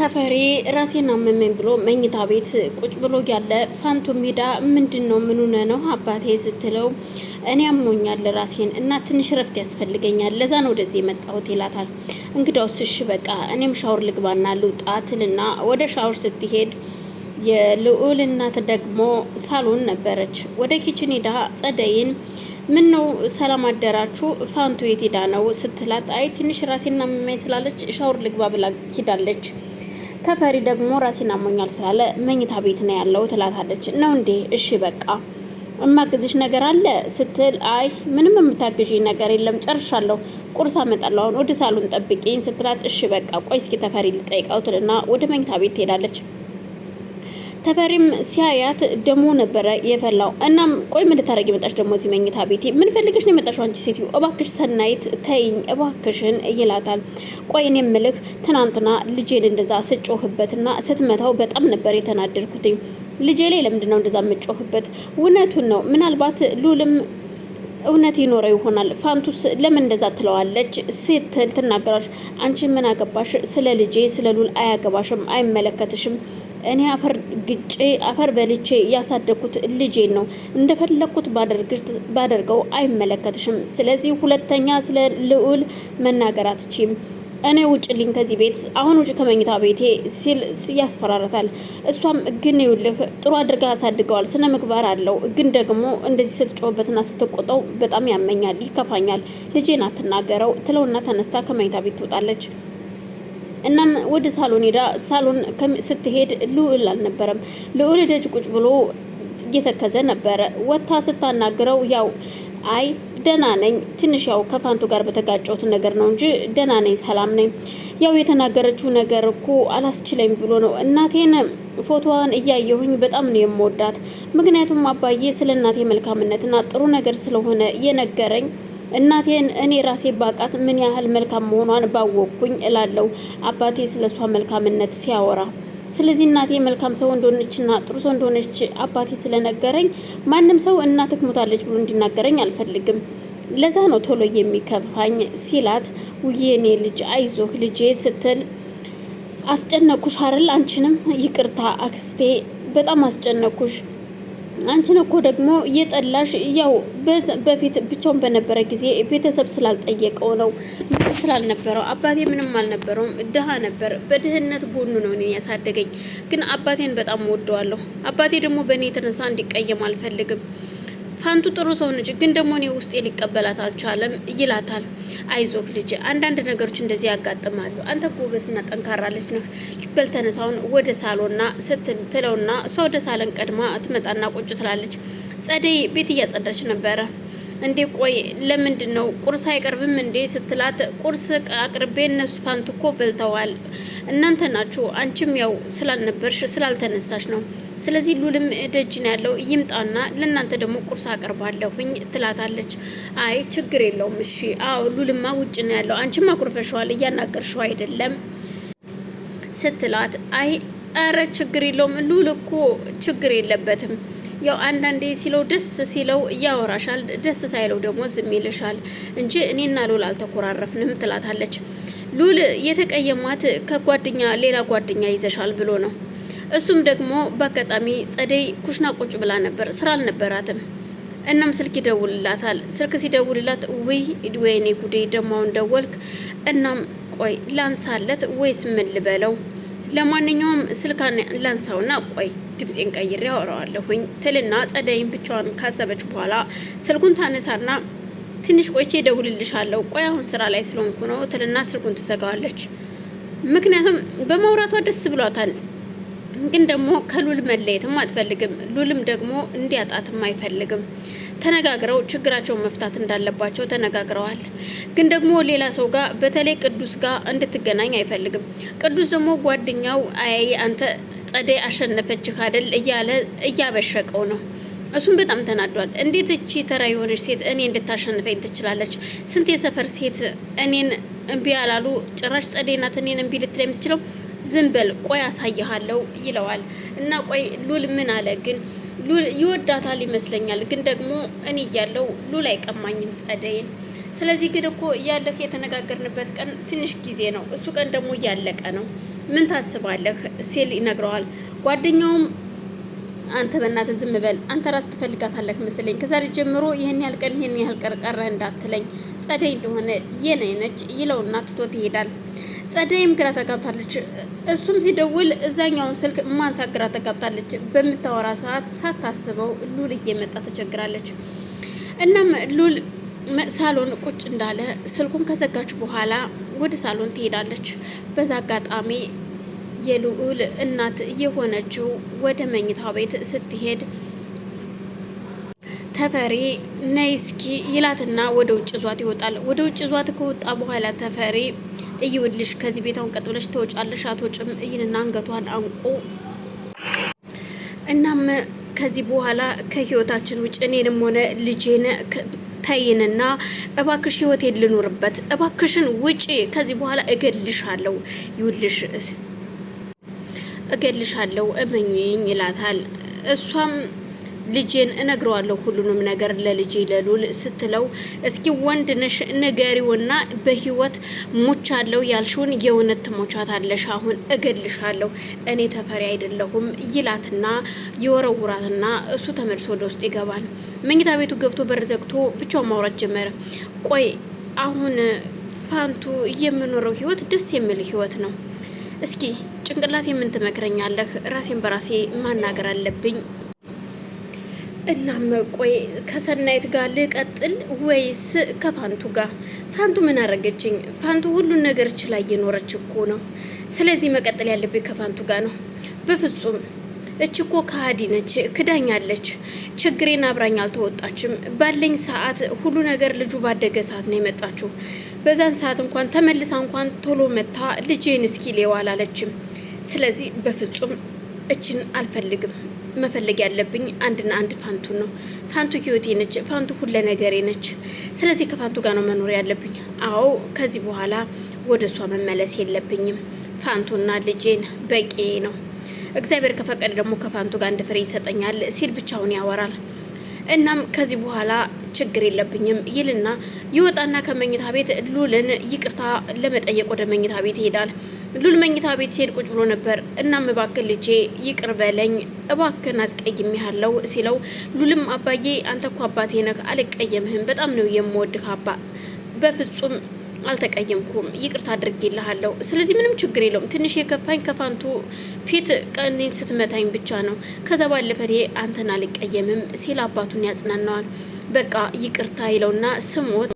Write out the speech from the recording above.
ተፈሪ ራሴን አመመኝ ብሎ መኝታ ቤት ቁጭ ብሎ ያለ ፋንቱ ሜዳ ምንድን ነው ምን ሆነ ነው አባቴ ስትለው እኔ አሞኛል ራሴን እና ትንሽ ረፍት ያስፈልገኛል ለዛ ነው ወደዚህ የመጣሁት ይላታል። እንግዳውስ እሺ በቃ እኔም ሻወር ልግባና ልውጣትልና ወደ ሻወር ስትሄድ የልዑል እናት ደግሞ ሳሎን ነበረች። ወደ ኪችን ሄዳ ጸደይን ምን ነው ሰላም አደራችሁ ፋንቱ የት ሄዳ ነው ስትላት፣ አይ ትንሽ ራሴና መማኝ ስላለች ሻወር ልግባ ብላ ሂዳለች። ተፈሪ ደግሞ ራሴን አሞኛል ስላለ መኝታ ቤት ነው ያለው ትላታለች። ነው እንዴ? እሺ በቃ እማግዝሽ ነገር አለ ስትል፣ አይ ምንም የምታግዥ ነገር የለም ጨርሻለሁ፣ ቁርስ አመጣለሁ፣ አሁን ወደ ሳሎን ጠብቂኝ ስትላት፣ እሺ በቃ ቆይ እስኪ ተፈሪ ልጠይቀው ትልና ወደ መኝታ ቤት ትሄዳለች። ተፈሪም ሲያያት ደሞ ነበረ የፈላው። እናም ቆይ ምን ልታረጊ መጣሽ ደሞ እዚህ መኝታ ቤቴ? ምን ፈልግሽ ነው የመጣሽው አንቺ ሴትዮ? እባክሽ ሰናይት ተይኝ እባክሽን ይላታል። ቆይ እኔ እምልህ ትናንትና ልጄን እንደዛ ስጮህበትና ስትመታው በጣም ነበር የተናደድኩትኝ። ልጄ ላይ ለምንድን ነው እንደዛ የምጮህበት? እውነቱን ነው ምናልባት ሉልም እውነት ይኖረው ይሆናል። ፋንቱስ ለምን እንደዛ ትለዋለች ስትል ትናገራች። አንቺ ምን አገባሽ? ስለ ልጄ ስለ ሉል አያገባሽም፣ አይመለከትሽም። እኔ አፈር ረግጬ አፈር በልቼ ያሳደግኩት ልጄን ነው። እንደፈለግኩት ባደርገው አይመለከትሽም። ስለዚህ ሁለተኛ ስለ ልዑል መናገር አትችም። እኔ ልኝ ከዚህ ቤት አሁን ውጭ ከመኝታ ቤቴ ሲል ያስፈራረታል። እሷም ግን ይውልህ ጥሩ አድርጋ ያሳድገዋል፣ ስነ ምግባር አለው። ግን ደግሞ እንደዚህ ስትጮህበትና ስትቆጠው በጣም ያመኛል፣ ይከፋኛል። ልጄን አትናገረው ትለውና ተነስታ ከመኝታ ቤት ትወጣለች። እናም ወደ ሳሎን ሄዳ ሳሎን ስትሄድ ልዑል አልነበረም። ልዑል ደጅ ቁጭ ብሎ እየተከዘ ነበረ። ወታ ስታናግረው ያው አይ ደህና ነኝ፣ ትንሽ ያው ከፋንቱ ጋር በተጋጨሁት ነገር ነው እንጂ ደህና ነኝ፣ ሰላም ነኝ። ያው የተናገረችው ነገር እኮ አላስችለኝ ብሎ ነው እናቴን ፎቶዋን እያየሁኝ በጣም ነው የምወዳት። ምክንያቱም አባዬ ስለ እናቴ መልካምነትና ጥሩ ነገር ስለሆነ የነገረኝ እናቴን እኔ ራሴ ባቃት ምን ያህል መልካም መሆኗን ባወቅኩኝ እላለሁ አባቴ ስለ እሷ መልካምነት ሲያወራ። ስለዚህ እናቴ መልካም ሰው እንደሆነችና ጥሩ ሰው እንደሆነች አባቴ ስለነገረኝ ማንም ሰው እናትህ ሞታለች ብሎ እንዲናገረኝ አልፈልግም። ለዛ ነው ቶሎ የሚከፋኝ ሲላት ውዬ እኔ ልጅ አይዞህ ልጄ ስትል አስጨነቅኩሽ አይደል? አንቺንም ይቅርታ አክስቴ፣ በጣም አስጨነቅኩሽ። አንቺን እኮ ደግሞ የጠላሽ ያው በፊት ብቻውን በነበረ ጊዜ ቤተሰብ ስላልጠየቀው ነው፣ ምንም ስላልነበረው። አባቴ ምንም አልነበረውም፣ ድሃ ነበር። በድህነት ጎኑ ነው እኔ ያሳደገኝ። ግን አባቴን በጣም ወደዋለሁ። አባቴ ደግሞ በእኔ የተነሳ እንዲቀየም አልፈልግም። ፋንቱ ጥሩ ሰው ነች፣ ግን ደግሞ እኔ ውስጤ ሊቀበላት አልቻለም ይላታል። አይዞክ ልጅ፣ አንዳንድ ነገሮች እንደዚህ ያጋጥማሉ። አንተ ጎበዝና ጠንካራ ልጅ ነህ። ልበል ተነሳውን ወደ ሳሎና ትለውና እሷ ወደ ሳለን ቀድማ ትመጣና ቁጭ ትላለች። ጸደይ ቤት እያጸዳች ነበረ። እንዴ ቆይ ለምንድን ነው ቁርስ አይቀርብም እንዴ ስትላት፣ ቁርስ አቅርቤ እነሱ ፋንቱ እኮ በልተዋል እናንተ ናችሁ። አንቺም ያው ስላልነበርሽ ስላልተነሳሽ ነው። ስለዚህ ሉልም ደጅ ነው ያለው፣ ይምጣና ለእናንተ ደግሞ ቁርስ አቀርባለሁኝ ትላታለች። አይ ችግር የለውም እሺ። አዎ ሉልማ ውጭ ነው ያለው፣ አንቺም አኩርፈሸዋል፣ እያናገርሸው አይደለም ስትላት አይ አረ ችግር የለውም ሉል እኮ ችግር የለበትም። ያው አንዳንዴ ሲለው ደስ ሲለው እያወራሻል፣ ደስ ሳይለው ደግሞ ዝም ይልሻል እንጂ እኔና ሉል አልተኮራረፍንም ትላታለች። ሉል የተቀየማት ከጓደኛ ሌላ ጓደኛ ይዘሻል ብሎ ነው። እሱም ደግሞ በአጋጣሚ ጸደይ ኩሽና ቁጭ ብላ ነበር፣ ስራ አልነበራትም። እናም ስልክ ይደውልላታል። ስልክ ሲደውልላት ውይ ወይኔ ጉዴ ደማውን ደወልክ። እናም ቆይ ላንሳለት ወይስ ምን ልበለው? ለማንኛውም ስልካን ላንሳውና ቆይ ድምፄን ቀይሬ አወራዋለሁኝ ትልና ጸደይን ብቻዋን ካሰበች በኋላ ስልኩን ታነሳና ትንሽ ቆይቼ እደውልልሻለሁ፣ ቆይ አሁን ስራ ላይ ስለሆንኩ ነው ትልና ስልኩን ትዘጋዋለች። ምክንያቱም በማውራቷ ደስ ብሏታል፣ ግን ደግሞ ከሉል መለየትም አትፈልግም። ሉልም ደግሞ እንዲያጣትም አይፈልግም። ተነጋግረው ችግራቸውን መፍታት እንዳለባቸው ተነጋግረዋል። ግን ደግሞ ሌላ ሰው ጋር በተለይ ቅዱስ ጋር እንድትገናኝ አይፈልግም። ቅዱስ ደግሞ ጓደኛው አያይ አንተ ጸደይ አሸነፈችህ አደል እያለ እያበሸቀው ነው። እሱም በጣም ተናዷል። እንዴት እቺ ተራ የሆነች ሴት እኔ እንድታሸንፈኝ ትችላለች? ስንት የሰፈር ሴት እኔን እምቢ ያላሉ ጭራሽ ጸደይ ናት እኔን እምቢ ልትለኝ የምትችለው? ዝም በል ቆይ አሳይሃለሁ ይለዋል። እና ቆይ ሉል ምን አለ ግን ሉል ይወዳታል ይመስለኛል። ግን ደግሞ እኔ እያለው ሉል አይቀማኝም ጸደይን ስለዚህ ግን እኮ ያለህ የተነጋገርንበት ቀን ትንሽ ጊዜ ነው። እሱ ቀን ደግሞ እያለቀ ነው። ምን ታስባለህ ሲል ይነግረዋል። ጓደኛውም አንተ በእናትህ ዝም በል። አንተ ራስ ትፈልጋታለህ መስለኝ ከዛሬ ጀምሮ ይህን ያህል ቀን ይህን ያህል ቀን ቀረህ እንዳትለኝ፣ ጸደይ እንደሆነ የኔ ነች ይለውና ትቶት ይሄዳል። ጸደይም ግራ ተጋብታለች። እሱም ሲደውል እዛኛውን ስልክ ማንሳት ግራ ተጋብታለች። በምታወራ ሰዓት ሳታስበው ሉል እየመጣ ተቸግራለች። እናም ሉል ሳሎን ቁጭ እንዳለ ስልኩን ከዘጋች በኋላ ወደ ሳሎን ትሄዳለች። በዛ አጋጣሚ የልዑል እናት የሆነችው ወደ መኝታ ቤት ስትሄድ ተፈሪ ነይ እስኪ ይላትና ወደ ውጭ ዟት ይወጣል። ወደ ውጭ ዟት ከወጣ በኋላ ተፈሪ እይውልሽ ከዚህ ቤታውን ቀጥ ብለሽ ትወጫለሽ አትወጭም እይንና አንገቷን አንቆ እናም ከዚህ በኋላ ከህይወታችን ውጭ እኔንም ሆነ ልጄን ተይንና እባክሽ ህይወቴን ልኑርበት፣ እባክሽን ውጪ፣ ከዚህ በኋላ እገድልሻለሁ ይውልሽ እገልሻለሁ እመኝኝ ይላታል። እሷም ልጄን እነግረዋለሁ ሁሉንም ነገር ለልጄ ለሉል ስትለው፣ እስኪ ወንድ ነሽ ንገሪውና በህይወት ሞቻለሁ ያልሽውን የእውነት ትሞቻታለሽ። አሁን እገልሻለሁ እኔ ተፈሪ አይደለሁም ይላትና የወረውራትና እሱ ተመልሶ ወደ ውስጥ ይገባል። መኝታ ቤቱ ገብቶ በር ዘግቶ ብቻውን ማውራት ጀመረ። ቆይ አሁን ፋንቱ የምኖረው ህይወት ደስ የሚል ህይወት ነው እስኪ ጭንቅላቴ ምን ትመክረኛለህ? ራሴን በራሴ ማናገር አለብኝ። እናም ቆይ ከሰናይት ጋር ልቀጥል ወይስ ከፋንቱ ጋር? ፋንቱ ምን አረገችኝ? ፋንቱ ሁሉን ነገር ችላ እየኖረች እኮ ነው። ስለዚህ መቀጠል ያለብኝ ከፋንቱ ጋር ነው። በፍጹም እች እኮ ከሀዲ ነች፣ ክዳኛለች። ችግሬን አብራኝ አልተወጣችም። ባለኝ ሰዓት ሁሉ ነገር ልጁ ባደገ ሰዓት ነው የመጣችው። በዛን ሰዓት እንኳን ተመልሳ እንኳን ቶሎ መታ ልጄን እስኪ ሌዋ አላለችም። ስለዚህ በፍጹም እችን አልፈልግም። መፈለግ ያለብኝ አንድና አንድ ፋንቱ ነው። ፋንቱ ህይወቴ ነች። ፋንቱ ሁለ ነገሬ ነች። ስለዚህ ከፋንቱ ጋር ነው መኖር ያለብኝ። አዎ ከዚህ በኋላ ወደ እሷ መመለስ የለብኝም። ፋንቱና ልጄን በቂ ነው። እግዚአብሔር ከፈቀደ ደግሞ ከፋንቱ ጋር አንድ ፍሬ ይሰጠኛል ሲል ብቻውን ያወራል። እናም ከዚህ በኋላ ችግር የለብኝም ይልና ይወጣና ከመኝታ ቤት ሉልን ይቅርታ ለመጠየቅ ወደ መኝታ ቤት ይሄዳል። ሉል መኝታ ቤት ሲሄድ ቁጭ ብሎ ነበር። እናም እባክህ ልጄ ይቅር በለኝ እባክህን አስቀይሜሃለሁ ሲለው ሉልም አባዬ አንተ እኮ አባቴ ነህ አልቀየምህም፣ በጣም ነው የምወድህ አባ በፍጹም አልተቀየምኩም፣ ይቅርታ አድርጌልሃለሁ። ስለዚህ ምንም ችግር የለውም። ትንሽ የከፋኝ ከፋንቱ ፊት ቀኔን ስትመታኝ ብቻ ነው። ከዛ ባለፈ እኔ አንተን አልቀየምም ሲል አባቱን ያጽናናዋል። በቃ ይቅርታ ይለውና ስሞት